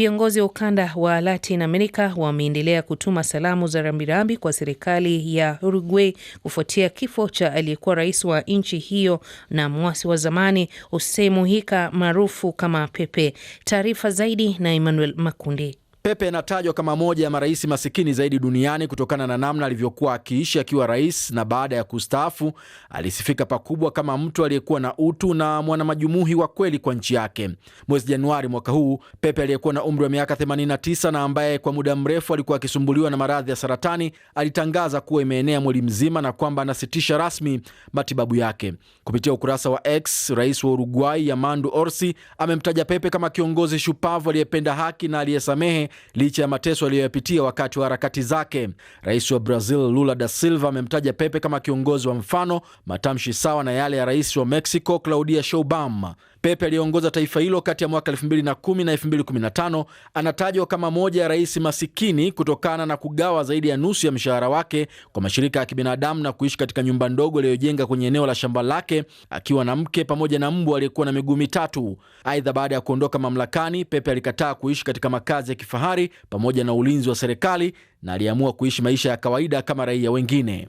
Viongozi wa ukanda wa Latin America wameendelea kutuma salamu za rambirambi kwa serikali ya Uruguay kufuatia kifo cha aliyekuwa rais wa nchi hiyo na mwasi wa zamani Hussein Muhika maarufu kama Pepe. Taarifa zaidi na Emmanuel Makundi. Pepe anatajwa kama moja ya marais masikini zaidi duniani kutokana na namna alivyokuwa akiishi akiwa rais, na baada ya kustaafu alisifika pakubwa kama mtu aliyekuwa na utu na mwanamajumuhi wa kweli kwa nchi yake. Mwezi Januari mwaka huu, Pepe aliyekuwa na umri wa miaka 89 na ambaye kwa muda mrefu alikuwa akisumbuliwa na maradhi ya saratani alitangaza kuwa imeenea mwili mzima na kwamba anasitisha rasmi matibabu yake. Kupitia ukurasa wa X, rais wa Uruguay Yamandu Orsi amemtaja Pepe kama kiongozi shupavu aliyependa haki na aliyesamehe licha ya mateso aliyoyapitia wakati wa harakati zake. Rais wa Brazil Lula da Silva amemtaja Pepe kama kiongozi wa mfano, matamshi sawa na yale ya rais wa Mexico Claudia Sheinbaum. Pepe aliyeongoza taifa hilo kati ya mwaka 2010 na 2015 anatajwa kama moja ya rais masikini kutokana na kugawa zaidi ya nusu ya mshahara wake kwa mashirika ya kibinadamu na kuishi katika nyumba ndogo aliyojenga kwenye eneo la shamba lake akiwa na mke pamoja na mbwa aliyekuwa na miguu mitatu. Aidha, baada ya kuondoka mamlakani, Pepe alikataa kuishi katika makazi ya kifahari pamoja na ulinzi wa serikali na aliamua kuishi maisha ya kawaida kama raia wengine.